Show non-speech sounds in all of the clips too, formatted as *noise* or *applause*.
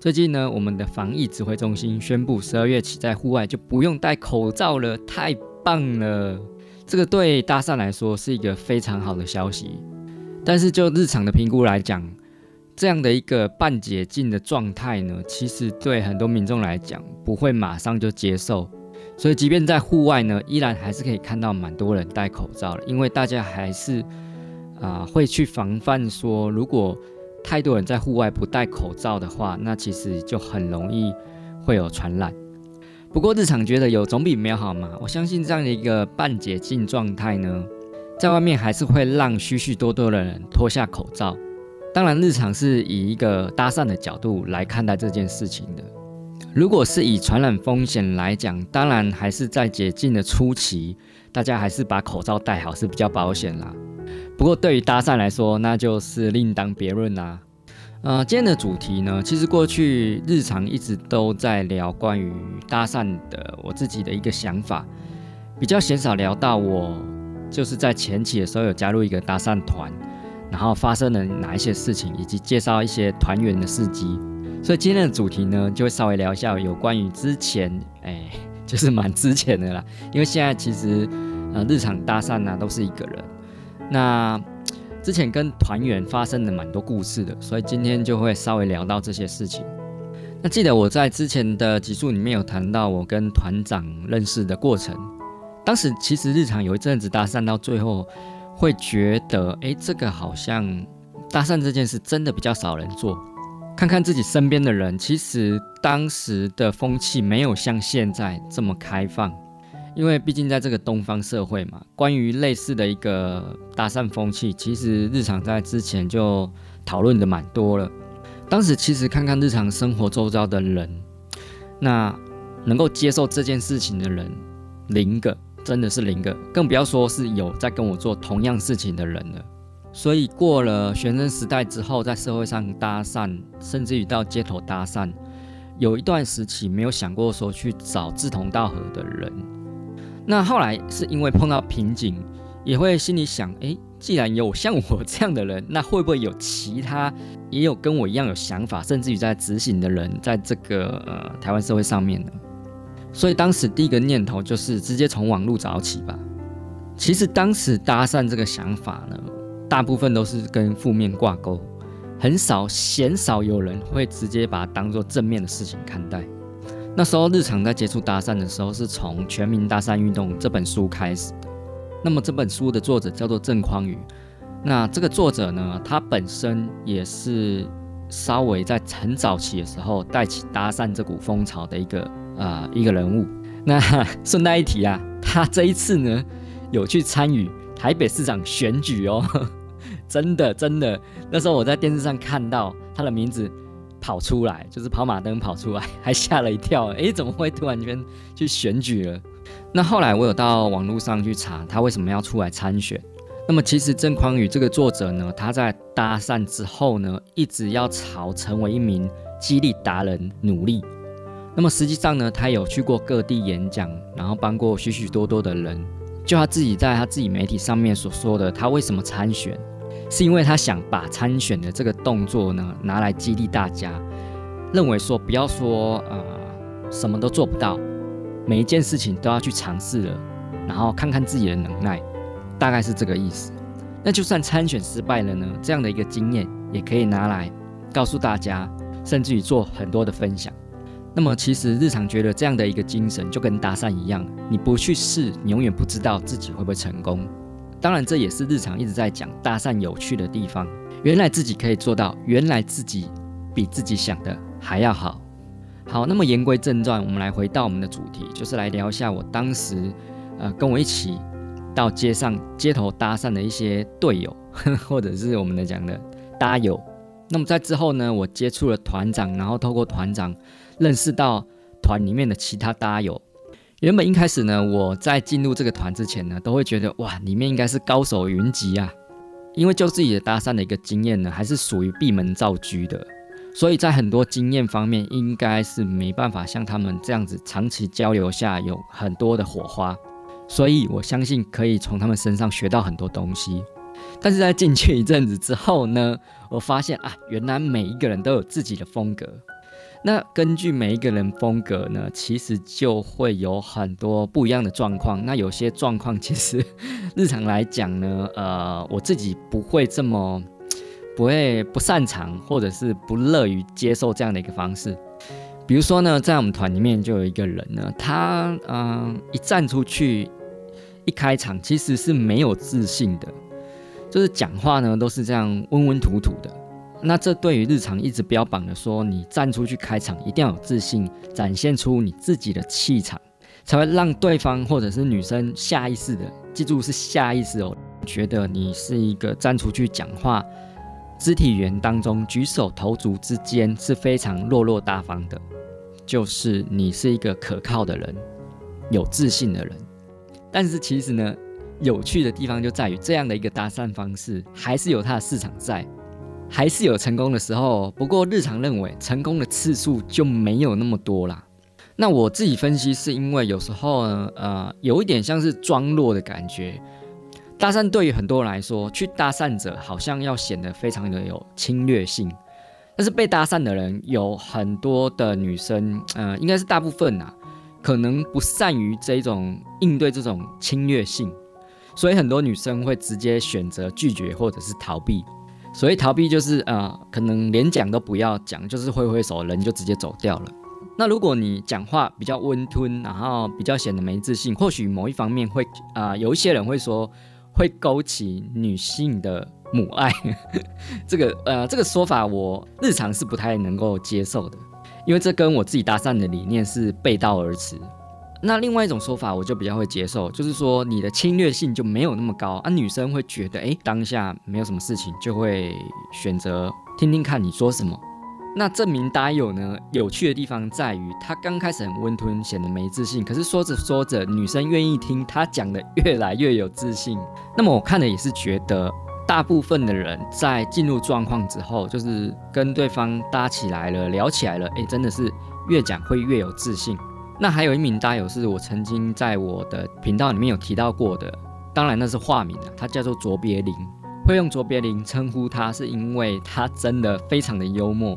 最近呢，我們的防疫指揮中心宣布，十二月起在戶外就不用戴口罩了，太棒了！這個對搭訕來說是一個非常好的消息。但是就日常的評估來講，這樣的一個半解禁的狀態呢，其實對很多民眾來講不會馬上就接受。所以，即便在戶外呢，依然還是可以看到蠻多人戴口罩的，因為大家還是啊、呃、會去防範說，如果太多人在戶外不戴口罩的話，那其實就很容易會有傳染。不過，日常覺得有總比沒有好嘛。我相信這樣的一個半解禁狀態呢，在外面還是會讓許許多多的人脫下口罩。當然，日常是以一個搭訕的角度來看待這件事情的。如果是以傳染風險來講，當然還是在解禁的初期，大家還是把口罩戴好是比較保險啦。不過對於搭訕來說，那就是另當別論啦。呃，今天的主題呢，其實過去日常一直都在聊關於搭訕的，我自己的一個想法，比較鮮少聊到我就是在前期的時候有加入一個搭訕團，然後發生了哪一些事情，以及介紹一些團員的事蹟。所以今天的主題呢，就會稍微聊一下有關於之前，欸，就是蠻之前的啦。因為現在其實，呃，日常搭訕呢都是一個人。那之前跟團員發生了蠻多故事的，所以今天就會稍微聊到這些事情。那記得我在之前的集數裡面有談到我跟團長認識的過程。當時其實日常有一陣子搭訕到最後，會覺得，欸，這個好像搭訕這件事真的比較少人做。看看自己身邊的人，其實當時的風氣沒有像現在這麼開放，因為畢竟在這個東方社會嘛，關於類似的一個搭訕風氣，其實日常在之前就討論的蠻多了。當時其實看看日常生活周遭的人，那能夠接受這件事情的人，零個，真的是零個，更不要說是有在跟我做同樣事情的人了。所以過了學生時代之後，在社會上搭訕，甚至於到街頭搭訕，有一段時期沒有想過說去找志同道合的人。那後來是因為碰到瓶頸，也會心裡想：誒、欸，既然有像我這樣的人，那會不會有其他也有跟我一樣有想法，甚至於在執行的人，在這個呃台灣社會上面呢？所以當時第一個念頭就是直接從網路找起吧。其實當時搭訕這個想法呢。大部分都是跟負面掛鈎，很少，鮮少有人會直接把它當做正面的事情看待。那時候，日常在接觸搭訕的時候，是從《全民搭訕運動》這本書開始的。那麼，這本書的作者叫做鄭匡宇。那這個作者呢，他本身也是稍微在很早期的時候帶起搭訕這股風潮的一個啊、呃、一個人物。那順帶一提啊，他這一次呢，有去參與台北市長選舉哦。真的，真的，那時候我在電視上看到他的名字跑出來，就是跑馬燈跑出來，還嚇了一跳。欸，怎麼會突然間去選舉了？那後來我有到網絡上去查他為什麼要出來參選。那麼，其實鄭匡宇這個作者呢，他在搭訕之後呢，一直要朝成為一名激勵達人努力。那麼，實際上呢，他有去過各地演講，然後幫過許許多多的人。就他自己在他自己媒體上面所說的，他為什麼參選？是因為他想把參選的這個動作呢，拿來激勵大家，認為說不要說啊、呃，什麼都做不到，每一件事情都要去嘗試了，然後看看自己的能耐，大概是這個意思。那就算參選失敗了呢，這樣的一個經驗也可以拿來告訴大家，甚至於做很多的分享。那麼其實日常覺得這樣的一個精神就跟搭訕一樣，你不去試，你永遠不知道自己會不會成功。當然，這也是日常一直在講搭訕有趣的地方。原來自己可以做到，原來自己比自己想的還要好，好。好，那麼言歸正傳，我們來回到我們的主題，就是來聊一下我當時，呃，跟我一起到街上街頭搭訕的一些隊友，或者是我們的講的搭友。那麼在之後呢，我接觸了團長，然後透過團長認識到團裡面的其他搭友。原本一開始呢，我在進入這個團之前呢，都會覺得哇，裡面應該是高手雲集啊，因為就自己的搭訕的一個經驗呢，還是屬於閉門造車的，所以在很多經驗方面，應該是沒辦法像他們這樣子長期交流下有很多的火花，所以我相信可以從他們身上學到很多東西。但是在進去一陣子之後呢，我發現啊，原來每一個人都有自己的風格。那根據每一個人風格呢，其實就會有很多不一樣的狀況。那有些狀況其實日常來講呢，呃，我自己不會這麼不會不擅長，或者是不樂於接受這樣的一個方式。比如說呢，在我們團裡面就有一個人呢，他嗯、呃、一站出去一開場其實是沒有自信的，就是講話呢都是這樣溫溫吐吐的。那這對於日常一直標榜的說，你站出去開場一定要有自信，展現出你自己的氣場，才會讓對方或者是女生下意識的記住，是下意識哦，覺得你是一個站出去講話，肢體語言當中舉手投足之間是非常落落大方的，就是你是一個可靠的人，有自信的人。但是其實呢，有趣的地方就在於這樣的一個搭訕方式還是有它的市場在。還是有成功的時候，不過日常認為成功的次數就沒有那麼多啦。那我自己分析是因為有時候呢，呃，有一點像是裝弱的感覺。搭訕對於很多人來說，去搭訕者好像要顯得非常的有侵略性，但是被搭訕的人有很多的女生，呃，應該是大部分吶、啊，可能不善於這種應對這種侵略性，所以很多女生會直接選擇拒絕或者是逃避。所以逃避就是啊、呃，可能連講都不要講，就是揮揮手，人就直接走掉了。那如果你講話比較溫吞，然後比較顯得沒自信，或許某一方面會啊、呃，有一些人會說，會勾起女性的母愛。 *laughs* 這個呃，這個說法我日常是不太能夠接受的，因為這跟我自己搭訕的理念是背道而馳。那另外一種說法，我就比較會接受，就是說你的侵略性就沒有那麼高啊，女生會覺得，誒，當下沒有什麼事情，就會選擇聽聽看你說什麼。那這名搭友呢，有趣的地方在於，他剛開始很溫吞，顯得沒自信，可是說着說着，女生願意聽他講的，越來越有自信。那麼我看了也是覺得，大部分的人在進入狀況之後，就是跟對方搭起來了，聊起來了，誒，真的是越講會越有自信。那還有一名搭友是我曾經在我的頻道裡面有提到過的，當然那是化名啊，他叫做卓別林。會用卓別林稱呼他，是因為他真的非常的幽默，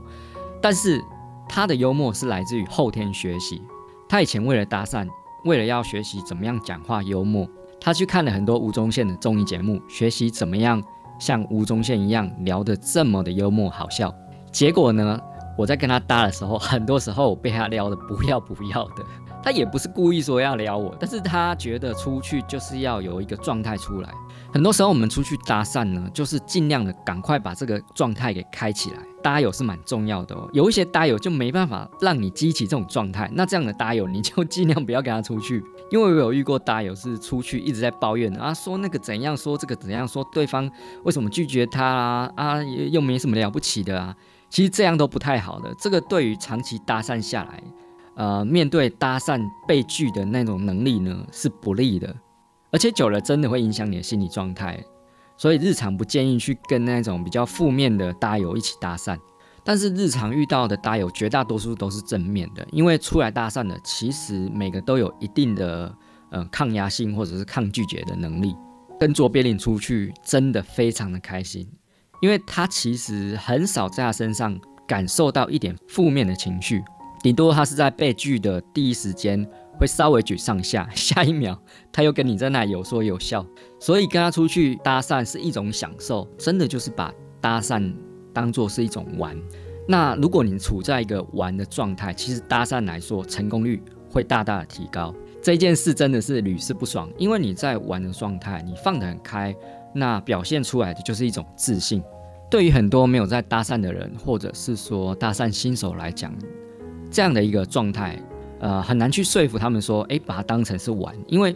但是他的幽默是來自於後天學習。他以前為了搭訕，為了要學習怎麼樣講話幽默，他去看了很多吳宗憲的綜藝節目，學習怎麼樣像吳宗憲一樣聊得這麼的幽默好笑。結果呢？我在跟他搭的時候，很多時候我被他撩得不要不要的。他也不是故意說要撩我，但是他覺得出去就是要有一個狀態出來。很多時候我們出去搭訕呢，就是盡量的趕快把這個狀態給開起來。搭友是蠻重要的哦，有一些搭友就沒辦法讓你激起這種狀態，那這樣的搭友你就盡量不要跟他出去。因為我有遇過搭友是出去一直在抱怨的啊，說那個怎樣，說這個怎樣說，對方為什麼拒絕他啊？啊，又沒什麼了不起的啊。其實這樣都不太好的，這個對於長期搭訕下來，呃，面對搭訕被拒的那種能力呢，是不利的，而且久了真的會影響你的心理狀態，所以日常不建議去跟那種比較負面的搭友一起搭訕。但是日常遇到的搭友絕大多數都是正面的，因為出來搭訕的其實每個都有一定的呃，抗壓性或者是抗拒絕的能力，跟卓別林出去真的非常的開心。因為他其實很少在他身上感受到一點負面的情緒，頂多他是在被拒的第一時間會稍微沮喪一下，下一秒他又跟你在那裡有說有笑，所以跟他出去搭訕是一種享受，真的就是把搭訕當做是一種玩。那如果你處在一個玩的狀態，其實搭訕來說成功率會大大的提高。這件事真的是屢試不爽，因為你在玩的狀態，你放得很開。那表現出來的就是一種自信。對於很多沒有在搭訕的人，或者是說搭訕新手來講，這樣的一個狀態，呃，很難去說服他們說，誒，把它當成是玩。因為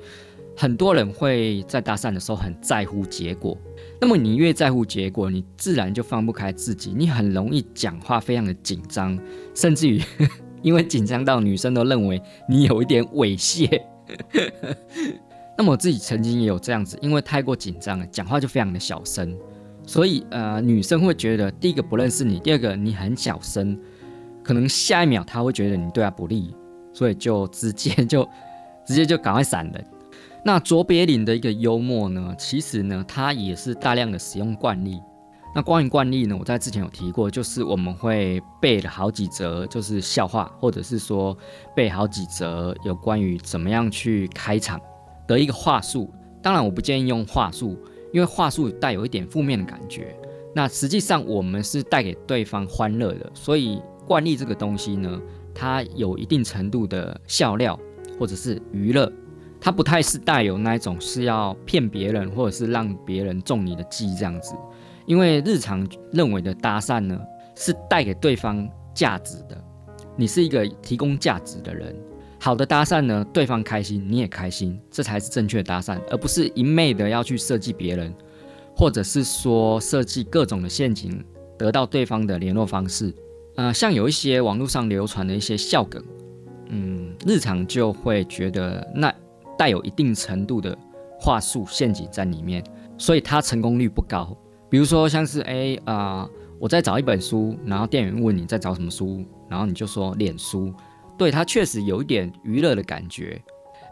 很多人會在搭訕的時候很在乎結果。那麼你越在乎結果，你自然就放不開自己，你很容易講話非常的緊張，甚至於，呵呵，因為緊張到女生都認為你有一點猥褻。呵呵。那麼我自己曾經也有這樣子，因為太過緊張了，講話就非常的小聲，所以呃，女生會覺得第一個不認識你，第二個你很小聲，可能下一秒她會覺得你對她不利，所以就直接就直接就趕快閃了。那卓別林的一個幽默呢，其實呢，他也是大量的使用慣例。那關於慣例呢，我在之前有提過，就是我們會背了好幾則，就是笑話，或者是說背好幾則有關於怎麼樣去開場。得一個話術，當然我不建議用話術，因為話術帶有一點負面的感覺。那實際上我們是帶給對方歡樂的，所以慣例這個東西呢，它有一定程度的笑料或者是娛樂，它不太是帶有那一種是要騙別人或者是讓別人中你的計這樣子。因為日常認為的搭訕呢，是帶給對方價值的，你是一個提供價值的人。好的搭訕呢，對方開心，你也開心，這才是正確的搭訕，而不是一昧的要去設計別人，或者是說設計各種的陷阱，得到對方的聯絡方式。呃，像有一些網絡上流傳的一些笑梗，嗯，日常就會覺得那帶有一定程度的話術陷阱在裡面，所以它成功率不高。比如說像是哎啊，呃，我在找一本書，然後店員問你在找什麼書，然後你就說臉書。對，他確實有一點娛樂的感覺，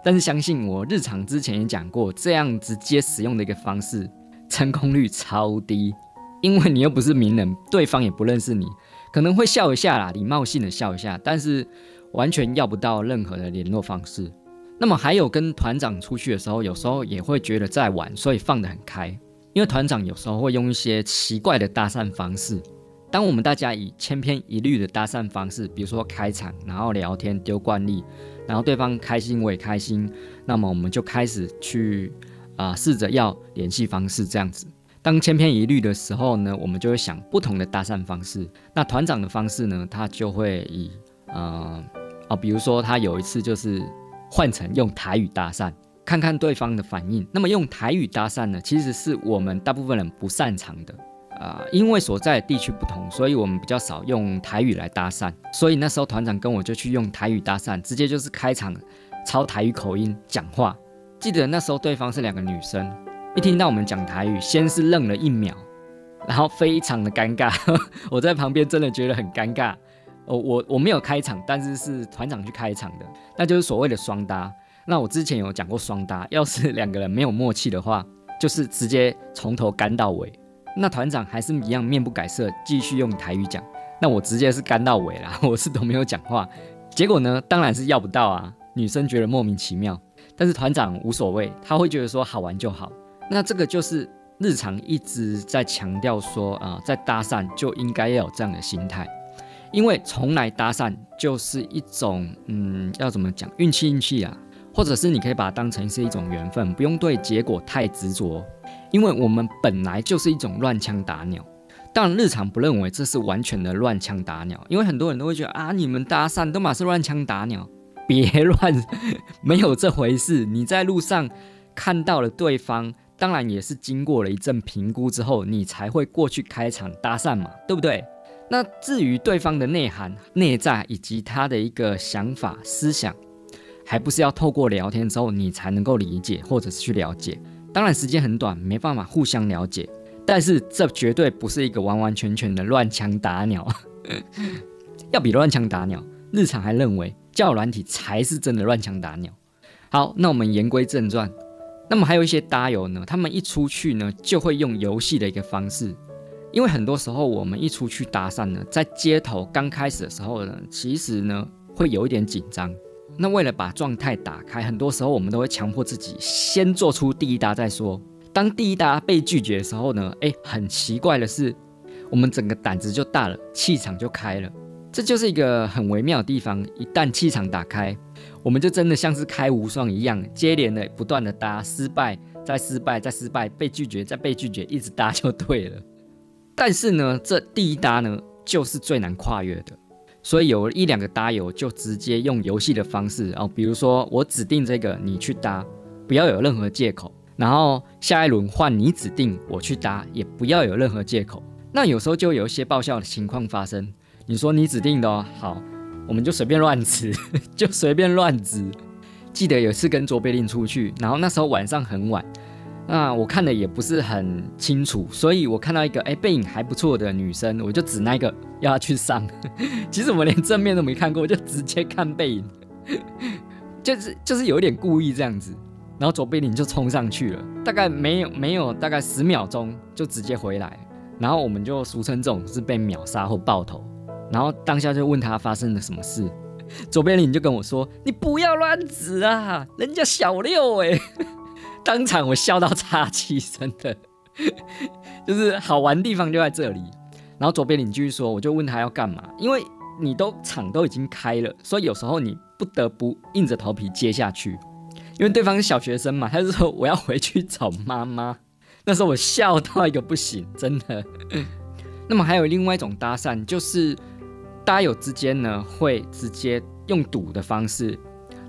但是相信我，日常之前也講過，這樣直接使用的一個方式，成功率超低，因為你又不是名人，對方也不認識你，可能會笑一下啦，禮貌性的笑一下，但是完全要不到任何的聯絡方式。那麼還有跟團長出去的時候，有時候也會覺得在玩，所以放得很開，因為團長有時候會用一些奇怪的搭訕方式。當我們大家以千篇一律的搭訕方式，比如說開場，然後聊天丟慣例，然後對方開心我也開心，那麼我們就開始去啊、呃、試着要聯繫方式這樣子。當千篇一律的時候呢，我們就會想不同的搭訕方式。那團長的方式呢，他就會以嗯、呃、哦，比如說他有一次就是換成用台語搭訕，看看對方的反應。那麼用台語搭訕呢，其實是我們大部分人不擅長的。啊、呃，因為所在的地區不同，所以我們比較少用台語來搭訕。所以那時候團長跟我就去用台語搭訕，直接就是開場，操台語口音講話。記得那時候對方是兩個女生，一聽到我們講台語，先是愣了一秒，然後非常的尷尬。呵呵，我在旁邊真的覺得很尷尬。哦、我我沒有開場，但是是團長去開場的，那就是所謂的雙搭。那我之前有講過雙搭，要是兩個人沒有默契的話，就是直接從頭幹到尾。那團長還是一樣面不改色，繼續用台語講。那我直接是幹到尾啦，我是都沒有講話。結果呢，當然是要不到啊。女生覺得莫名其妙，但是團長無所謂，他會覺得說好玩就好。那這個就是日常一直在強調說啊、呃，在搭訕就應該要有這樣的心態，因為從來搭訕就是一種嗯，要怎麼講，運氣運氣啊。或者是你可以把它當成是一種緣分，不用對結果太執着，因為我們本來就是一種亂槍打鳥。當然日常不認為這是完全的亂槍打鳥，因為很多人都會覺得啊，你們搭訕都滿是亂槍打鳥，別亂，沒有這回事。你在路上看到了對方，當然也是經過了一陣評估之後，你才會過去開場搭訕嘛，對不對？那至於對方的內涵、內在以及他的一個想法、思想。還不是要透過聊天之後，你才能夠理解或者是去了解。當然時間很短，沒辦法互相了解，但是這絕對不是一個完完全全的亂槍打鳥， *laughs* 要比亂槍打鳥，日常還認為叫軟體才是真的亂槍打鳥。好，那我們言歸正傳，那麼還有一些搭友呢，他們一出去呢，就會用遊戲的一個方式，因為很多時候我們一出去搭訕呢，在街頭剛開始的時候呢，其實呢會有一點緊張。那為了把狀態打開，很多時候我們都會強迫自己先做出第一搭再說。當第一搭被拒絕的時候呢，哎，很奇怪的是，我們整個膽子就大了，氣場就開了。這就是一個很微妙的地方。一旦氣場打開，我們就真的像是開無雙一樣，接連的不斷的搭，失敗再失敗再失敗，被拒絕再被拒絕，一直搭就對了。但是呢，這第一搭呢，就是最難跨越的。所以有一兩個搭友就直接用遊戲的方式哦，比如說我指定這個你去搭，不要有任何借口。然後下一輪換你指定我去搭，也不要有任何借口。那有時候就有一些爆笑的情況發生。你說你指定的哦，好，我們就隨便亂指， *laughs* 就隨便亂指。記得有一次跟卓別林出去，然後那時候晚上很晚。那、啊、我看的也不是很清楚，所以我看到一個哎、欸、背影還不錯的女生，我就指那個要她去上。其實我連正面都沒看過，我就直接看背影，就是就是有一點故意這樣子。然後左貝林就衝上去了，大概沒有沒有大概十秒鐘就直接回來，然後我們就俗稱這種是被秒殺或爆頭。然後當下就問他發生了什麼事，左貝林就跟我說：“你不要亂指啊，人家小六哎、欸。”當場我笑到岔氣，真的， *laughs* 就是好玩的地方就在這裡。然後左邊鄰居說，我就問他要幹嘛，因為你都場都已經開了，所以有時候你不得不硬着頭皮接下去。因為對方是小學生嘛，他就說我要回去找媽媽。那時候我笑到一個不行，真的。 *laughs* 那麼還有另外一種搭訕，就是搭友之間呢會直接用賭的方式。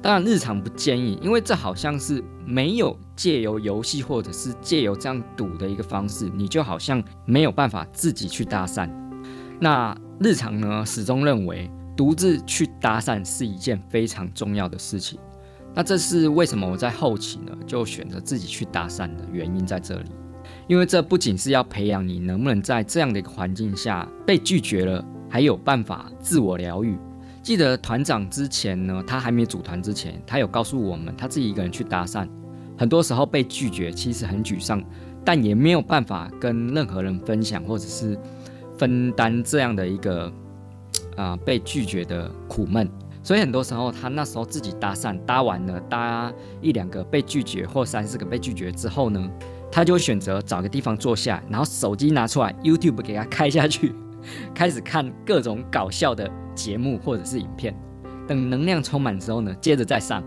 當然，日常不建議，因為這好像是沒有借由遊戲或者是借由這樣賭的一個方式，你就好像沒有辦法自己去搭訕。那日常呢，始終認為獨自去搭訕是一件非常重要的事情。那這是為什麼我在後期呢，就選擇自己去搭訕的原因在這裡，因為這不僅是要培養你能不能在這樣的一個環境下被拒絕了，還有辦法自我療癒。記得團長之前呢，他還沒組團之前，他有告訴我們，他自己一個人去搭訕，很多時候被拒絕，其實很沮喪，但也沒有辦法跟任何人分享或者是分擔這樣的一個啊、呃、被拒絕的苦悶。所以很多時候，他那時候自己搭訕搭完了，搭一兩個被拒絕，或三四個被拒絕之後呢，他就選擇找個地方坐下，然後手機拿出來，YouTube 給他開下去。開始看各種搞笑的節目或者是影片，等能量充滿之後呢，接着再上。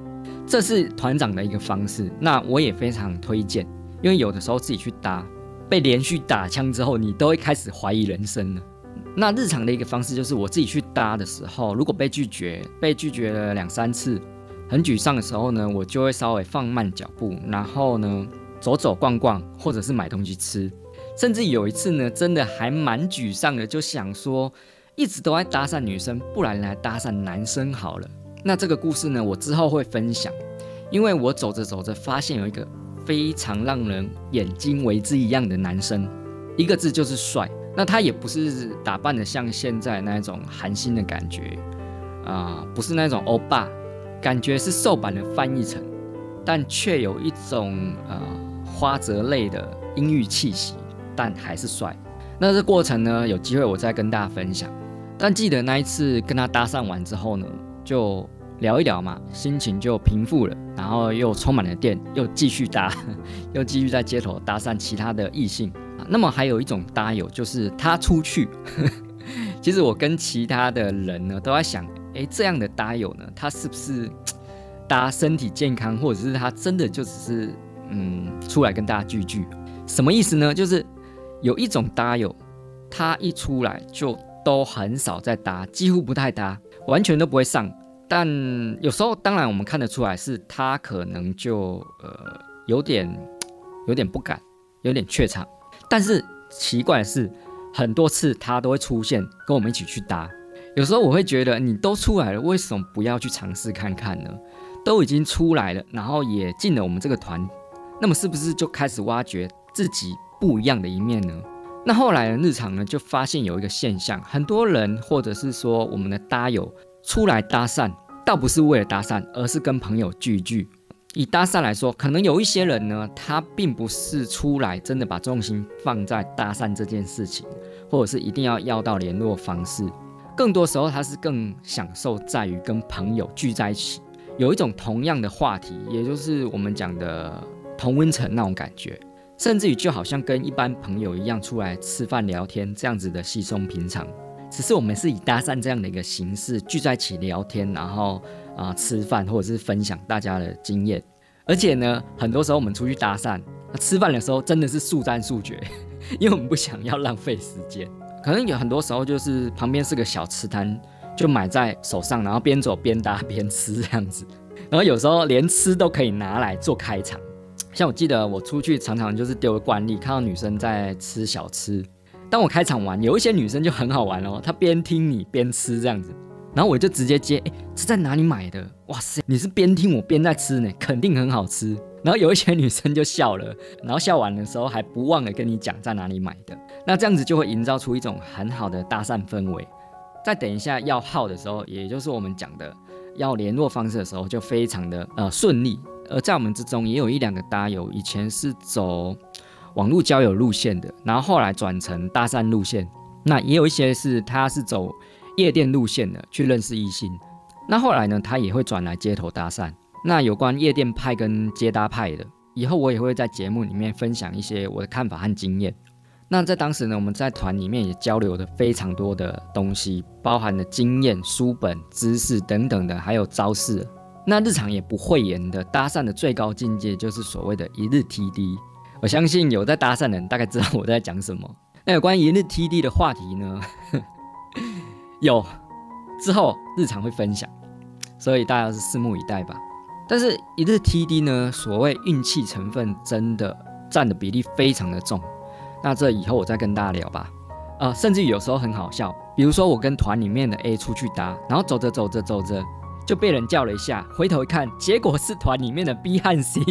這是團長的一個方式，那我也非常推薦，因為有的時候自己去搭，被連續打槍之後，你都會開始懷疑人生了。那日常的一個方式就是我自己去搭的時候，如果被拒絕，被拒絕了兩三次，很沮喪的時候呢，我就會稍微放慢腳步，然後呢，走走逛逛，或者是買東西吃。甚至有一次呢，真的還蠻沮喪的，就想說，一直都在搭訕女生，不然來搭訕男生好了。那這個故事呢，我之後會分享，因為我走着走着發現有一個非常讓人眼睛為之一亮的男生，一個字就是帥。那他也不是打扮的像現在那一種韓星的感覺啊、呃，不是那種歐巴，感覺是瘦版的翻譯成，但卻有一種呃花澤類的陰鬱氣息。但還是帥。那這過程呢，有機會我再跟大家分享。但記得那一次跟他搭訕完之後呢，就聊一聊嘛，心情就平復了，然後又充滿了電，又繼續搭，又繼續在街頭搭訕其他的異性。那麼還有一種搭友，就是他出去。 *laughs* 其實我跟其他的人呢，都在想：哎、欸，這樣的搭友呢，他是不是搭身體健康，或者是他真的就只是嗯，出來跟大家聚聚？什麼意思呢？就是。有一種搭友，他一出來就都很少在搭，幾乎不太搭，完全都不會上。但有時候，當然我們看得出來，是他可能就呃有點有點不敢，有點怯場。但是奇怪的是，很多次他都會出現跟我們一起去搭。有時候我會覺得，你都出來了，為什麼不要去嘗試看看呢？都已經出來了，然後也進了我們這個團，那麼是不是就開始挖掘自己，不一樣的一面呢？那後來的日常呢，就發現有一個現象，很多人或者是說我們的搭友出來搭訕，倒不是為了搭訕，而是跟朋友聚聚。以搭訕來說，可能有一些人呢，他並不是出來真的把重心放在搭訕這件事情，或者是一定要要到聯絡方式。更多時候，他是更享受在於跟朋友聚在一起，有一種同樣的話題，也就是我們講的同溫層那種感覺。甚至於就好像跟一般朋友一樣出來吃飯聊天這樣子的稀鬆平常，只是我們是以搭訕這樣的一個形式聚在一起聊天，然後啊、呃、吃飯或者是分享大家的經驗。而且呢，很多時候我們出去搭訕、吃飯的時候真的是速戰速決，因為我們不想要浪費時間。可能有很多時候就是旁邊是個小吃攤，就買在手上，然後邊走邊搭邊吃這樣子。然後有時候連吃都可以拿來做開場。像我記得我出去常常就是丟個慣例，看到女生在吃小吃。當我開場完，有一些女生就很好玩哦，她邊聽你邊吃這樣子，然後我就直接接，誒，是在哪裡買的？哇塞，你是邊聽我邊在吃呢，肯定很好吃。然後有一些女生就笑了，然後笑完的時候還不忘了跟你講在哪裡買的。那這樣子就會營造出一種很好的搭訕氛圍。再等一下要號的時候，也就是我們講的要聯絡方式的時候，就非常的呃順利。而在我們之中，也有一兩個搭友，以前是走網絡交友路線的，然後後來轉成搭訕路線。那也有一些是他是走夜店路線的去認識異性，那後來呢，他也會轉來街頭搭訕。那有關夜店派跟街搭派的，以後我也會在節目裡面分享一些我的看法和經驗。那在當時呢，我們在團裡面也交流了非常多的東西，包含了經驗、書本、知識等等的，還有招式。那日常也不諱言的搭訕的最高境界就是所謂的一日 TD，我相信有在搭訕的人大概知道我在講什麼。那有關於一日 TD 的話題呢，有，之後日常會分享，所以大家是拭目以待吧。但是一日 TD 呢，所謂運氣成分真的佔的比例非常的重，那這以後我再跟大家聊吧。啊、呃，甚至有時候很好笑，比如說我跟團裡面的 A 出去搭，然後走着走着走着。就被人叫了一下，回頭一看，結果是團裡面的 B 和 C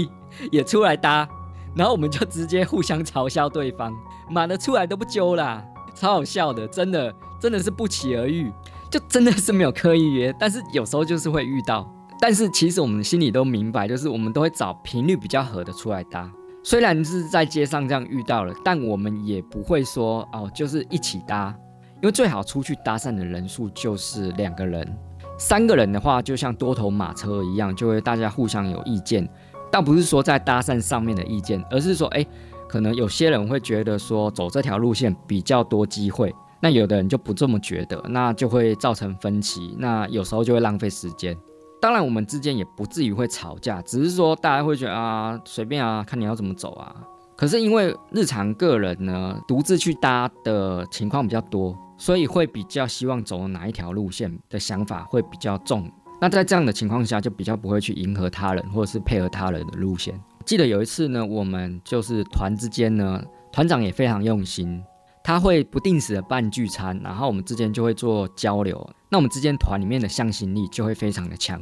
也出來搭，然後我們就直接互相嘲笑對方，媽的出來都不揪啦。超好笑的，真的真的是不期而遇，就真的是沒有刻意約，但是有時候就是會遇到，但是其實我們心裡都明白，就是我們都會找頻率比較合的出來搭，雖然是在街上這樣遇到了，但我們也不會說哦，就是一起搭，因為最好出去搭訕的人數就是兩個人。三個人的話，就像多頭馬車一樣，就會大家互相有意見，倒不是說在搭訕上面的意見，而是說，誒、欸，可能有些人會覺得說走這條路線比較多機會，那有的人就不這麼覺得，那就會造成分歧，那有時候就會浪費時間。當然，我們之間也不至於會吵架，只是說大家會覺得啊，隨便啊，看你要怎麼走啊。可是因為日常個人呢，獨自去搭的情況比較多。所以會比較希望走哪一條路線的想法會比較重，那在這樣的情況下就比較不會去迎合他人，或者是配合他人的路線。記得有一次呢，我們就是團之間呢，團長也非常用心，他會不定時的辦聚餐，然後我們之間就會做交流。那我們之間團裡面的向心力就會非常的強，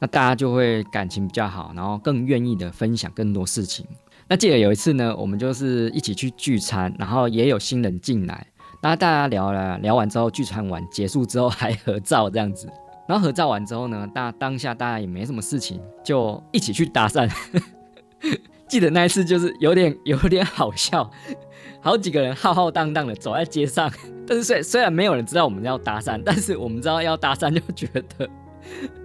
那大家就會感情比較好，然後更願意的分享更多事情。那記得有一次呢，我們就是一起去聚餐，然後也有新人進來。然後大家聊了聊完之後，聚餐完結束之後還合照這樣子。然後合照完之後呢，當當下大家也沒什麼事情，就一起去搭訕。 *laughs* 記得那一次就是有點有點好笑，好幾個人浩浩蕩蕩荡的走在街上，但是雖雖然沒有人知道我們要搭訕，但是我們知道要搭訕就覺得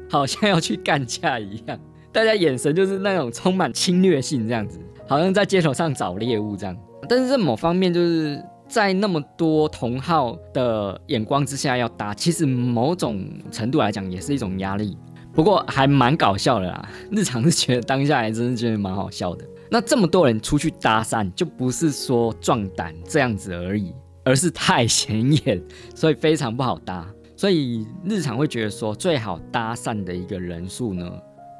好像要去幹架一樣，大家眼神就是那種充滿侵略性這樣子，好像在街頭上找獵物這樣。但是在某方面就是。在那麼多同好的眼光之下要搭，其實某種程度來講也是一種壓力。不過還蠻搞笑的啦，日常是覺得當下還真的覺得蠻好笑的。那這麼多人出去搭訕，就不是說壯膽這樣子而已，而是太顯眼，所以非常不好搭。所以日常會覺得說，最好搭訕的一個人數呢，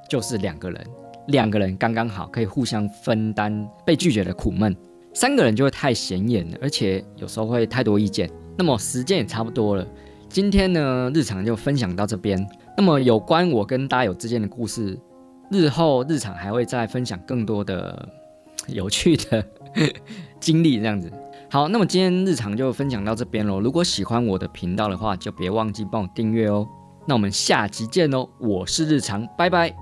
就是兩個人，兩個人剛剛好可以互相分擔被拒絕的苦悶。三個人就會太顯眼了，而且有時候會太多意見。那麼時間也差不多了，今天呢，日常就分享到這邊。那麼有關我跟搭友之間的故事，日後日常還會再分享更多的有趣的 *laughs* 經歷。這樣子，好，那麼今天日常就分享到這邊嘍。如果喜歡我的頻道的話，就別忘記幫我訂閱哦。那我們下集見嘍，我是日常，拜拜。